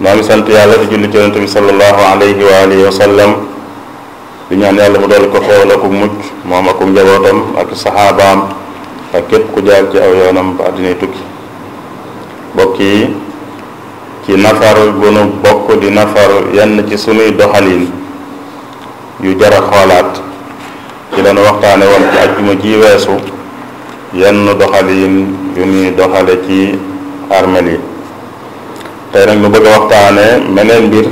maa ngi sant yàlla di julli ci yonente bi salallahu alayhi wa alihi wa sallam di ñaan yàlla mu dool ko xool ak mucc moom ak njabootam ak sahaabaam ak képp ku jaar ci aw yoonam ba dinay tukki bokk yi ci nafar gunu bokk di nafar yenn ci sunuy doxalin yu jar a xoolaat ci leen waxtaane woon ci ajjuma ji weesu yenn doxalin yu ñuy doxale ci armel yi tey nag nu bëgg waxtaane meneen mbir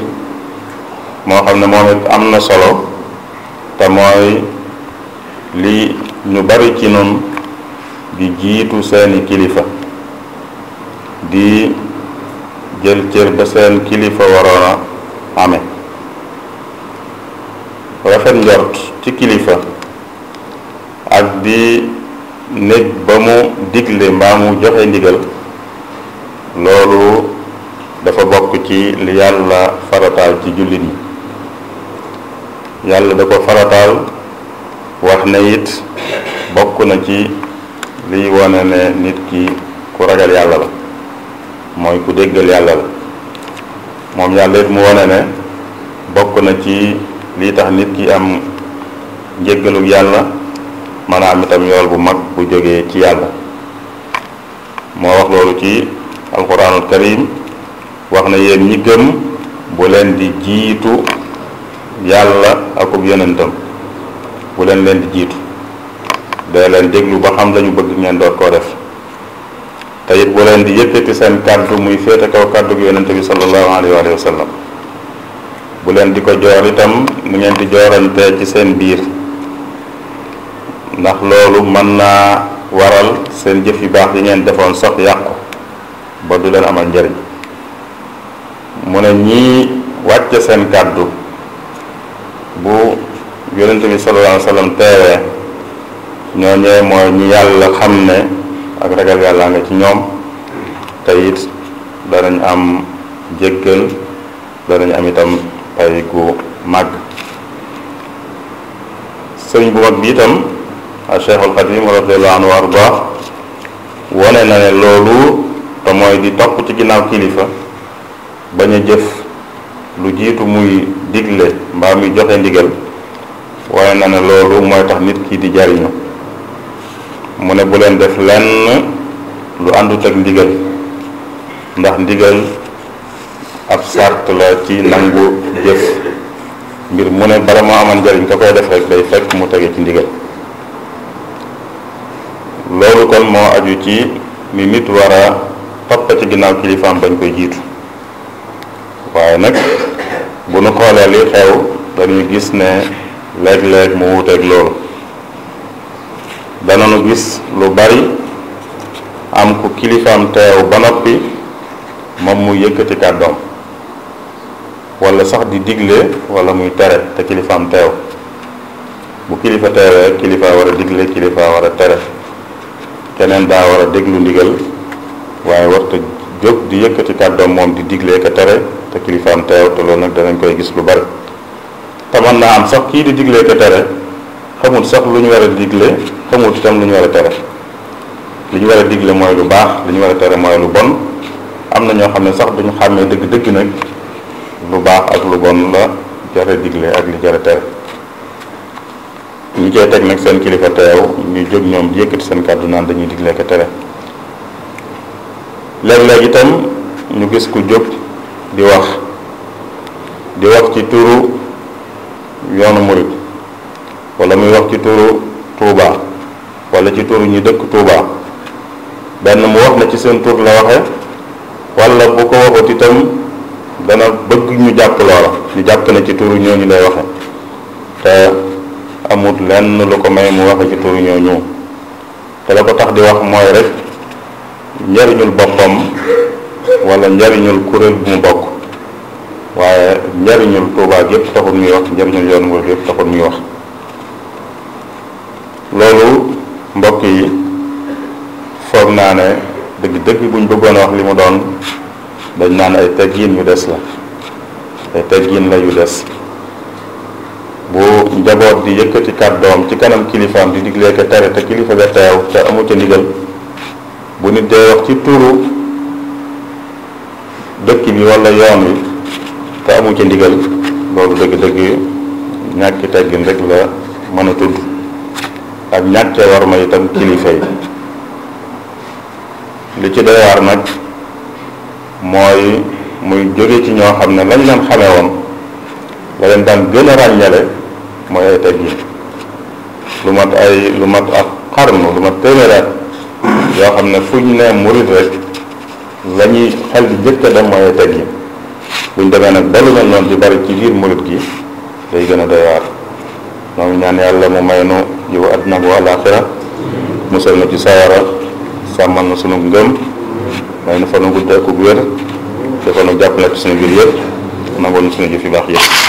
moo xam ne moom am na solo te mooy li ñu bari ci nun di jiitu seeni kilifa di jël cër ba seen kilifa waroon a ame rafet njort ci kilifa ak di nekk ba mu digle mbaa mu ndigal loolu dafa bokk ci li yàlla farataal ci jullit ñi yàlla da ko farataal wax na it bokk na ci liy wone ne nit ki ku ragal yàlla la mooy ku déggal yàlla la moom yàlla it mu wone ne bokk na ci lii tax nit ki am njéggalug yàlla mën a am itam yool bu mag bu jógee ci yàlla moo wax loolu ci alquranul karim wax na yéen ñi gëm bu leen di jiitu yàlla akub yonentam bu leen leen di jiitu day leen déglu ba xam lañu bëgg ngeen door koo def te it bu leen di yëkkati seen kàddu muy féete kaw kàddu gi yonente bi salallahu alayhi wa sallam bu leen di ko joor itam mu ngeen di ci seen biir ndax loolu mën naa waral seen jëf yu baax yi ngeen defoon sax yàqu ba du leen amal njëriñ mu ne ñii wàcce seen kàddu bu yonent bi sallallahu alayhi wa sallam teewee ñooñee mooy ñi yàlla xam ne ak ragal yàlla nga ci ñoom te it danañ am jéggal danañ am itam pay gu màgg sëriñ bu mag bi itam a cheikhul xadim radiallahu anhu wa arda wone na ne loolu te mooy di topp ci ginnaaw kilifa bañ a jëf lu jiitu muy digle mbaa muy joxe ndigal waaye na ne loolu mooy tax nit kii di jariñu mu ne bu leen def lenn lu àndut ak ndigal ndax ndigal ab sart la ci nangu jëf mbir mu ne bala moo amal njariñ ka koy def rek day fekk mu tege ci ndigal loolu kon moo aju ci ni nit war a ci ginnaaw kilifaam bañ koy jiitu waaye nag bu nu xoolee li xew dañuy gis ne léeg-léeg mu wuuteeg loolu danañu gis lu bari am ku kilifaam teew ba noppi moom mu yëkkati kàddoom wala sax di digle wala muy tere te kilifaam teew bu kilifa teewee kilifa war a digle kilifa war a tere keneen daa war a déglu ndigal waaye warta jóg di yëkkati kàddoom moom di diglee ko tere te kilifaam teew te loolu nag danañ koy gis lu bari te mën naa am sax kii di diglee ka tere xamul sax lu ñu war a digle xamul itam lu ñu war a tere lu ñu war a digle mooy lu baax li ñu war a tere mooy lu bon am na ñoo xam ne sax duñu xàmmee dëgg-dëgg nag lu baax ak lu bon la jare digle ak li jare tere ñu cee teg nag seen kilifa teew ñu jóg ñoom yëkkati seen kàddu naan dañuy digle ka tere léeg-léeg itam ñu gis ku jóg di wax di wax ci turu yoonu murit walla muy wax ci turu Touba walla ci turu ñi dëkk Touba benn mu wax na ci seen tur la waxe wala bu ko waxut itam dana bëgg ñu jàpp loola ñu jàpp ne ci turu ñooñu lay waxe te amut lenn lu ko may mu waxe ci turu ñooñu te la ko tax di wax mooy rek njariñul boppam wala njariñul kuréel bu mu bokk waaye njariñul Tuubaa yépp taxul muy wax njariñul yoonu Murid yépp taxul muy wax loolu mbokk yi foog naa ne dëgg-dëgg buñ bëggoon a wax li mu doon dañ naan ay teggiin yu des la ay teggiin la yu des bu njaboot di yëkkati kàddoom ci kanam kilifaam di diglee ko tere te kilifa ga teew te amu ca ndigal bu nit dee wax ci turu dëkk bi walla yoon wi te amu ci ndigal loolu dëgg-dëgg ñàkki teggin rek la mën a tudd ak ñàkke war ma itam kilifa yi li ci doy waar nag mooy muy jóge ci ñoo xam ne lañ leen xamee woon la leen daan gën a ràññale mooy ay teggin lu mat ay lu mat ak xarnu lu mat téeméer yoo xam ne fu ñu nee murid rek la ñuy xel di njëkk dem mooy teg yi bu demee nag ba lu mel noonu di bari ci biir murid gi day gën a doy waar moom ñaan yàlla mu may nu yiw àdduna bu àllaaxira musal na ci sawara sàmmal na sunu ngëm may nu fa nu gudd ak wér te nu jàpp na ci suñu biir yëpp nangoon na jëf yu baax yëpp